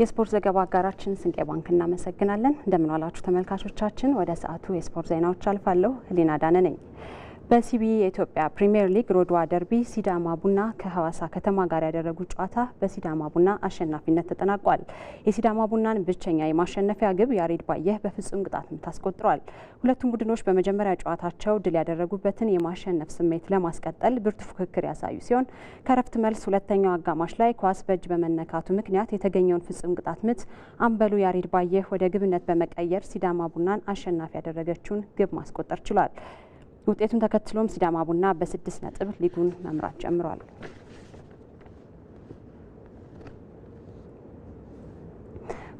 የስፖርት ዘገባ አጋራችን ስንቄ ባንክ እናመሰግናለን። እንደምንዋላችሁ ተመልካቾቻችን። ወደ ሰዓቱ የስፖርት ዜናዎች አልፋለሁ። ህሊና ዳነ ነኝ። በሲቢ የኢትዮጵያ ፕሪምየር ሊግ ሮድዋ ደርቢ ሲዳማ ቡና ከሐዋሳ ከተማ ጋር ያደረጉት ጨዋታ በሲዳማ ቡና አሸናፊነት ተጠናቋል። የሲዳማ ቡናን ብቸኛ የማሸነፊያ ግብ ያሬድ ባየህ በፍጹም ቅጣት ምት አስቆጥሯል። ሁለቱም ቡድኖች በመጀመሪያ ጨዋታቸው ድል ያደረጉበትን የማሸነፍ ስሜት ለማስቀጠል ብርቱ ፉክክር ያሳዩ ሲሆን ከረፍት መልስ ሁለተኛው አጋማሽ ላይ ኳስ በእጅ በመነካቱ ምክንያት የተገኘውን ፍጹም ቅጣት ምት አምበሉ ያሬድ ባየህ ወደ ግብነት በመቀየር ሲዳማ ቡናን አሸናፊ ያደረገችውን ግብ ማስቆጠር ችሏል። ውጤቱን ተከትሎም ሲዳማ ቡና በስድስት ነጥብ ሊጉን መምራት ጀምሯል።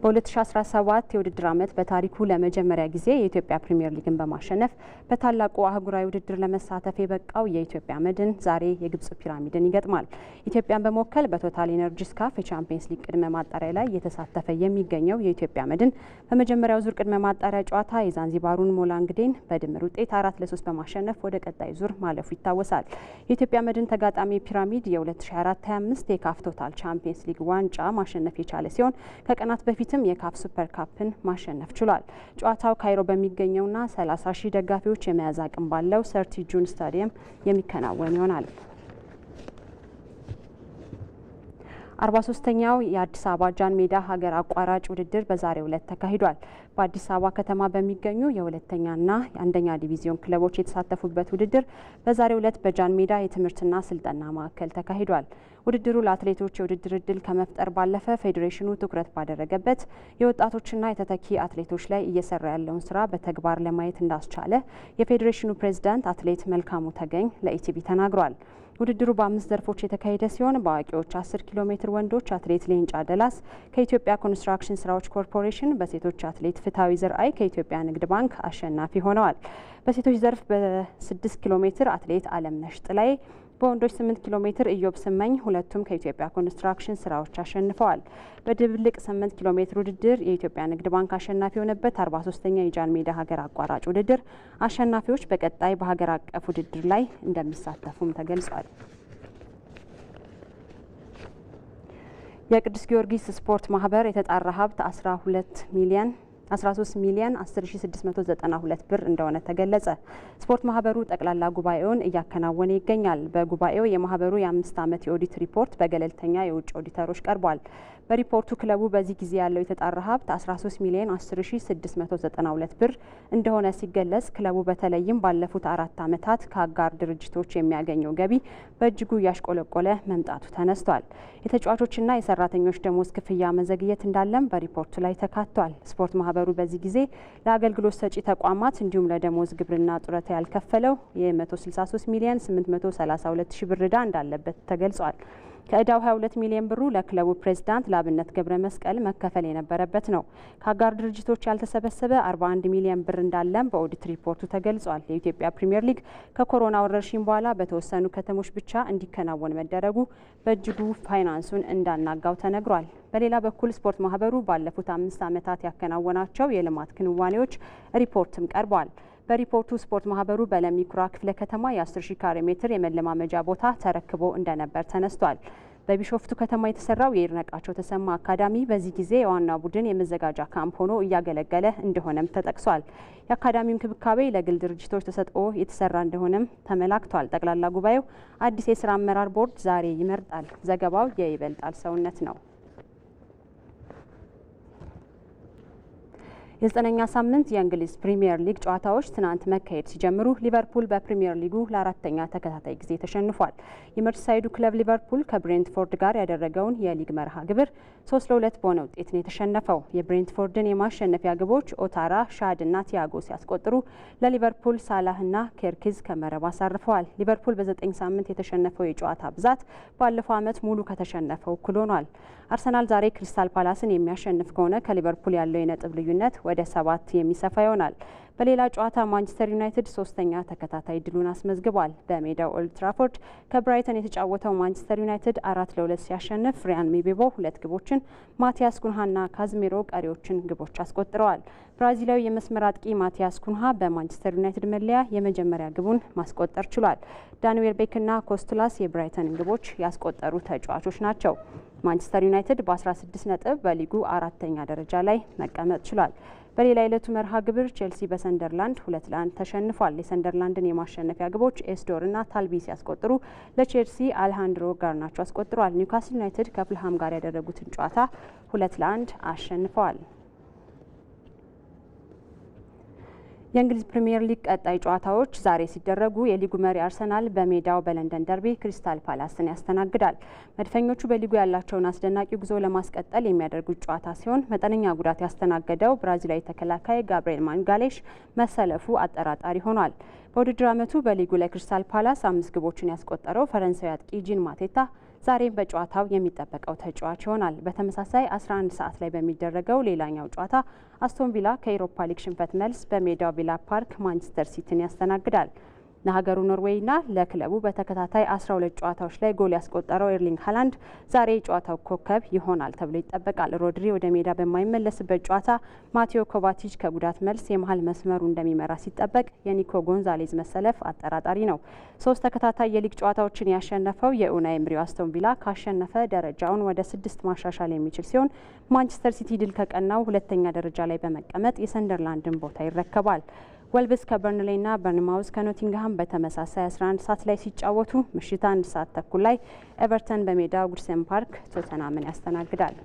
በ2017 የውድድር ዓመት በታሪኩ ለመጀመሪያ ጊዜ የኢትዮጵያ ፕሪምየር ሊግን በማሸነፍ በታላቁ አህጉራዊ ውድድር ለመሳተፍ የበቃው የኢትዮጵያ መድን ዛሬ የግብጽ ፒራሚድን ይገጥማል። ኢትዮጵያን በመወከል በቶታል ኤነርጂ ስካፍ የቻምፒየንስ ሊግ ቅድመ ማጣሪያ ላይ እየተሳተፈ የሚገኘው የኢትዮጵያ መድን በመጀመሪያው ዙር ቅድመ ማጣሪያ ጨዋታ የዛንዚባሩን ሞላንግዴን በድምር ውጤት አራት ለሶስት በማሸነፍ ወደ ቀጣይ ዙር ማለፉ ይታወሳል። የኢትዮጵያ መድን ተጋጣሚ ፒራሚድ የ2024/25 የካፍ ቶታል ቻምፒየንስ ሊግ ዋንጫ ማሸነፍ የቻለ ሲሆን ከቀናት በፊት በፊትም የካፍ ሱፐር ካፕን ማሸነፍ ችሏል። ጨዋታው ካይሮ በሚገኘውና 30 ሺህ ደጋፊዎች የመያዝ አቅም ባለው ሰርቲጁን ስታዲየም የሚከናወን ይሆናል። 43ኛው የአዲስ አበባ ጃን ሜዳ ሀገር አቋራጭ ውድድር በዛሬው ዕለት ተካሂዷል። በአዲስ አበባ ከተማ በሚገኙ የሁለተኛና የአንደኛ ዲቪዚዮን ክለቦች የተሳተፉበት ውድድር በዛሬው ዕለት በጃን ሜዳ የትምህርትና ስልጠና ማዕከል ተካሂዷል። ውድድሩ ለአትሌቶች የውድድር እድል ከመፍጠር ባለፈ ፌዴሬሽኑ ትኩረት ባደረገበት የወጣቶችና የተተኪ አትሌቶች ላይ እየሰራ ያለውን ስራ በተግባር ለማየት እንዳስቻለ የፌዴሬሽኑ ፕሬዝዳንት አትሌት መልካሙ ተገኝ ለኢቲቪ ተናግሯል። ውድድሩ በአምስት ዘርፎች የተካሄደ ሲሆን በአዋቂዎች አስር ኪሎ ሜትር ወንዶች አትሌት ሌንጫ ደላስ ከኢትዮጵያ ኮንስትራክሽን ስራዎች ኮርፖሬሽን፣ በሴቶች አትሌት ፍትሐዊ ዘርአይ ከኢትዮጵያ ንግድ ባንክ አሸናፊ ሆነዋል። በሴቶች ዘርፍ በስድስት ኪሎ ሜትር አትሌት አለምነሽ ጥላይ በወንዶች 8 ኪሎ ሜትር ኢዮብ ስመኝ ሁለቱም ከኢትዮጵያ ኮንስትራክሽን ስራዎች አሸንፈዋል። በድብልቅ 8 ኪሎ ሜትር ውድድር የኢትዮጵያ ንግድ ባንክ አሸናፊ የሆነበት 43ኛ የጃን ሜዳ ሀገር አቋራጭ ውድድር አሸናፊዎች በቀጣይ በሀገር አቀፍ ውድድር ላይ እንደሚሳተፉም ተገልጿል። የቅዱስ ጊዮርጊስ ስፖርት ማህበር የተጣራ ሀብት 12 ሚሊዮን 13 ሚሊዮን 10692 ብር እንደሆነ ተገለጸ። ስፖርት ማህበሩ ጠቅላላ ጉባኤውን እያከናወነ ይገኛል። በጉባኤው የማህበሩ የአምስት ዓመት የኦዲት ሪፖርት በገለልተኛ የውጭ ኦዲተሮች ቀርቧል። በሪፖርቱ ክለቡ በዚህ ጊዜ ያለው የተጣራ ሀብት 13 ሚሊዮን 10692 ብር እንደሆነ ሲገለጽ ክለቡ በተለይም ባለፉት አራት ዓመታት ከአጋር ድርጅቶች የሚያገኘው ገቢ በእጅጉ እያሽቆለቆለ መምጣቱ ተነስቷል። የተጫዋቾችና የሰራተኞች ደሞዝ ክፍያ መዘግየት እንዳለም በሪፖርቱ ላይ ተካቷል። ስፖርት ማህበሩ በዚህ ጊዜ ለአገልግሎት ሰጪ ተቋማት እንዲሁም ለደሞዝ ግብርና ጡረታ ያልከፈለው የ163 ሚሊዮን 832 ሺ ብር ዕዳ እንዳለበት ተገልጿል። ከእዳው 22 ሚሊዮን ብሩ ለክለቡ ፕሬዝዳንት ለአብነት ገብረ መስቀል መከፈል የነበረበት ነው። ከአጋር ድርጅቶች ያልተሰበሰበ 41 ሚሊዮን ብር እንዳለም በኦዲት ሪፖርቱ ተገልጿል። የኢትዮጵያ ፕሪምየር ሊግ ከኮሮና ወረርሽኝ በኋላ በተወሰኑ ከተሞች ብቻ እንዲከናወን መደረጉ በእጅጉ ፋይናንሱን እንዳናጋው ተነግሯል። በሌላ በኩል ስፖርት ማህበሩ ባለፉት አምስት ዓመታት ያከናወናቸው የልማት ክንዋኔዎች ሪፖርትም ቀርቧል። በሪፖርቱ ስፖርት ማህበሩ በለሚኩራ ክፍለ ከተማ የ10 ሺ ካሬ ሜትር የመለማመጃ ቦታ ተረክቦ እንደነበር ተነስቷል። በቢሾፍቱ ከተማ የተሰራው የይድነቃቸው ተሰማ አካዳሚ በዚህ ጊዜ የዋና ቡድን የመዘጋጃ ካምፕ ሆኖ እያገለገለ እንደሆነም ተጠቅሷል። የአካዳሚው እንክብካቤ ለግል ድርጅቶች ተሰጥኦ የተሰራ እንደሆነም ተመላክቷል። ጠቅላላ ጉባኤው አዲስ የስራ አመራር ቦርድ ዛሬ ይመርጣል። ዘገባው የይበልጣል ሰውነት ነው። የዘጠነኛ ሳምንት የእንግሊዝ ፕሪምየር ሊግ ጨዋታዎች ትናንት መካሄድ ሲጀምሩ ሊቨርፑል በፕሪምየር ሊጉ ለአራተኛ ተከታታይ ጊዜ ተሸንፏል። የመርሳይዱ ክለብ ሊቨርፑል ከብሬንትፎርድ ጋር ያደረገውን የሊግ መርሃ ግብር ሶስት ለሁለት በሆነ ውጤት ነው የተሸነፈው። የብሬንትፎርድን የማሸነፊያ ግቦች ኦታራ፣ ሻድ እና ቲያጎ ሲያስቆጥሩ ለሊቨርፑል ሳላህ እና ኬርኪዝ ከመረብ አሳርፈዋል። ሊቨርፑል በዘጠኝ ሳምንት የተሸነፈው የጨዋታ ብዛት ባለፈው ዓመት ሙሉ ከተሸነፈው እኩል ሆኗል። አርሰናል ዛሬ ክሪስታል ፓላስን የሚያሸንፍ ከሆነ ከሊቨርፑል ያለው የነጥብ ልዩነት ወደ ሰባት የሚሰፋ ይሆናል። በሌላ ጨዋታ ማንቸስተር ዩናይትድ ሶስተኛ ተከታታይ ድሉን አስመዝግቧል። በሜዳው ኦልድ ትራፎርድ ከብራይተን የተጫወተው ማንቸስተር ዩናይትድ አራት ለሁለት ሲያሸንፍ ሪያን ሚቤቦ ሁለት ግቦችን፣ ማቲያስ ኩንሃና ካዝሜሮ ቀሪዎችን ግቦች አስቆጥረዋል። ብራዚላዊ የመስመር አጥቂ ማቲያስ ኩንሃ በማንቸስተር ዩናይትድ መለያ የመጀመሪያ ግቡን ማስቆጠር ችሏል። ዳንዌል ቤክና ኮስቱላስ የብራይተን ግቦች ያስቆጠሩ ተጫዋቾች ናቸው። ማንቸስተር ዩናይትድ በ16 ነጥብ በሊጉ አራተኛ ደረጃ ላይ መቀመጥ ችሏል። በሌላ የዕለቱ መርሃ ግብር ቼልሲ በሰንደርላንድ ሁለት ለአንድ ተሸንፏል። የሰንደርላንድን የማሸነፊያ ግቦች ኤስዶር እና ታልቢ ሲያስቆጥሩ ለቼልሲ አልሃንድሮ ጋርናቾ አስቆጥሯል። ኒውካስል ዩናይትድ ከፍልሃም ጋር ያደረጉትን ጨዋታ ሁለት ለአንድ አሸንፈዋል። የእንግሊዝ ፕሪምየር ሊግ ቀጣይ ጨዋታዎች ዛሬ ሲደረጉ የሊጉ መሪ አርሰናል በሜዳው በለንደን ደርቢ ክሪስታል ፓላስን ያስተናግዳል። መድፈኞቹ በሊጉ ያላቸውን አስደናቂ ጉዞ ለማስቀጠል የሚያደርጉት ጨዋታ ሲሆን መጠነኛ ጉዳት ያስተናገደው ብራዚላዊ ተከላካይ ጋብርኤል ማንጋሌሽ መሰለፉ አጠራጣሪ ሆኗል። በውድድር ዓመቱ በሊጉ ላይ ክሪስታል ፓላስ አምስት ግቦችን ያስቆጠረው ፈረንሳዊ አጥቂ ጂን ማቴታ ዛሬም በጨዋታው የሚጠበቀው ተጫዋች ይሆናል። በተመሳሳይ 11 ሰዓት ላይ በሚደረገው ሌላኛው ጨዋታ አስቶን ቪላ ከኤሮፓ ሊግ ሽንፈት መልስ በሜዳው ቪላ ፓርክ ማንቸስተር ሲቲን ያስተናግዳል። ለሀገሩ ኖርዌይና ለክለቡ በተከታታይ 12 ጨዋታዎች ላይ ጎል ያስቆጠረው ኤርሊንግ ሀላንድ ዛሬ የጨዋታው ኮከብ ይሆናል ተብሎ ይጠበቃል። ሮድሪ ወደ ሜዳ በማይመለስበት ጨዋታ ማቴዎ ኮቫቲች ከጉዳት መልስ የመሀል መስመሩ እንደሚመራ ሲጠበቅ፣ የኒኮ ጎንዛሌዝ መሰለፍ አጠራጣሪ ነው። ሶስት ተከታታይ የሊግ ጨዋታዎችን ያሸነፈው የኡናይ ኤምሪው አስቶን ቪላ ካሸነፈ ደረጃውን ወደ ስድስት ማሻሻል የሚችል ሲሆን ማንቸስተር ሲቲ ድል ከቀናው ሁለተኛ ደረጃ ላይ በመቀመጥ የሰንደርላንድን ቦታ ይረከባል። ወልብስ ከበርንሌና በርንማውዝ ከኖቲንግሃም በተመሳሳይ 11 ሰዓት ላይ ሲጫወቱ ምሽት አንድ ሰዓት ተኩል ላይ ኤቨርተን በሜዳ ጉድሴን ፓርክ ቶተናምን ያስተናግዳል።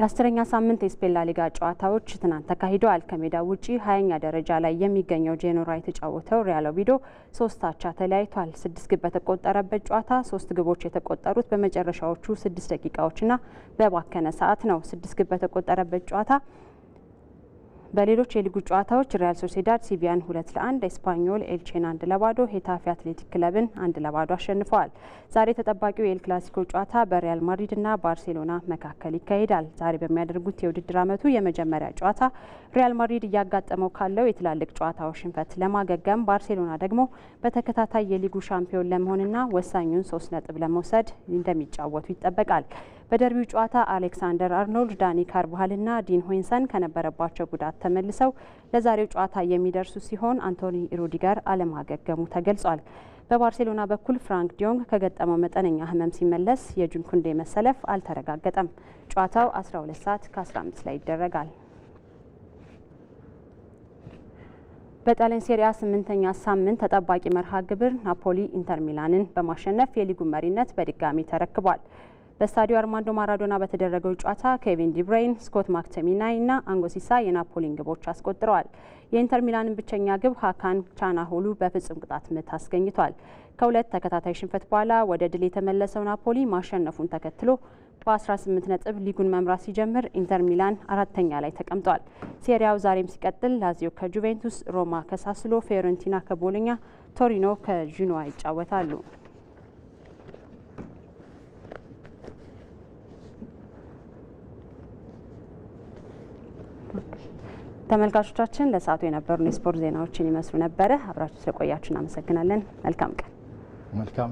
የአስረኛ ሳምንት የስፔን ላሊጋ ጨዋታዎች ትናንት ተካሂደዋል። ከሜዳ ውጪ ሀያኛ ደረጃ ላይ የሚገኘው ጄኖራ የተጫወተው ሪያል ኦቪዶ ሶስት አቻ ተለያይቷል። ስድስት ግብ በተቆጠረበት ጨዋታ ሶስት ግቦች የተቆጠሩት በመጨረሻዎቹ ስድስት ደቂቃዎችና በባከነ ሰዓት ነው። ስድስት ግብ በተቆጠረበት ጨዋታ በሌሎች የሊጉ ጨዋታዎች ሪያል ሶሴዳድ ሲቪያን ሁለት ለአንድ፣ ኤስፓኞል ኤልቼን አንድ ለባዶ፣ ሄታፊ አትሌቲክ ክለብን አንድ ለባዶ አሸንፈዋል። ዛሬ ተጠባቂው የኤል ክላሲኮ ጨዋታ በሪያል ማድሪድና ባርሴሎና መካከል ይካሄዳል። ዛሬ በሚያደርጉት የውድድር ዓመቱ የመጀመሪያ ጨዋታ ሪያል ማድሪድ እያጋጠመው ካለው የትላልቅ ጨዋታዎች ሽንፈት ለማገገም፣ ባርሴሎና ደግሞ በተከታታይ የሊጉ ሻምፒዮን ለመሆንና ወሳኙን ሶስት ነጥብ ለመውሰድ እንደሚጫወቱ ይጠበቃል። በደርቢው ጨዋታ አሌክሳንደር አርኖልድ፣ ዳኒ ካርባሃልና ዲን ሆይንሰን ከነበረባቸው ጉዳት ተመልሰው ለዛሬው ጨዋታ የሚደርሱ ሲሆን አንቶኒ ሩዲገር አለማገገሙ ተገልጿል። በባርሴሎና በኩል ፍራንክ ዲዮንግ ከገጠመው መጠነኛ ህመም ሲመለስ የጁን ኩንዴ መሰለፍ አልተረጋገጠም። ጨዋታው 12 ሰዓት ከ15 ላይ ይደረጋል። በጣሊያን ሴሪያ ስምንተኛ ሳምንት ተጠባቂ መርሃ ግብር ናፖሊ ኢንተር ሚላንን በማሸነፍ የሊጉ መሪነት በድጋሚ ተረክቧል። በስታዲዮ አርማንዶ ማራዶና በተደረገው ጨዋታ ኬቪን ዲብሬይን፣ ስኮት ማክተሚናይ እና አንጎሲሳ የናፖሊን ግቦች አስቆጥረዋል። የኢንተር ሚላንን ብቸኛ ግብ ሀካን ቻናሆሉ በፍጹም ቅጣት ምት አስገኝቷል። ከሁለት ተከታታይ ሽንፈት በኋላ ወደ ድል የተመለሰው ናፖሊ ማሸነፉን ተከትሎ በ18 ነጥብ ሊጉን መምራት ሲጀምር ኢንተር ሚላን አራተኛ ላይ ተቀምጧል። ሴሪያው ዛሬም ሲቀጥል ላዚዮ ከጁቬንቱስ፣ ሮማ ከሳስሎ፣ ፊዮረንቲና ከቦሎኛ፣ ቶሪኖ ከዥኖዋ ይጫወታሉ። ተመልካቾቻችን ለሰዓቱ የነበሩን የስፖርት ዜናዎችን ይመስሉ ነበረ። አብራችሁ ስለቆያችሁ እናመሰግናለን። መልካም ቀን። መልካም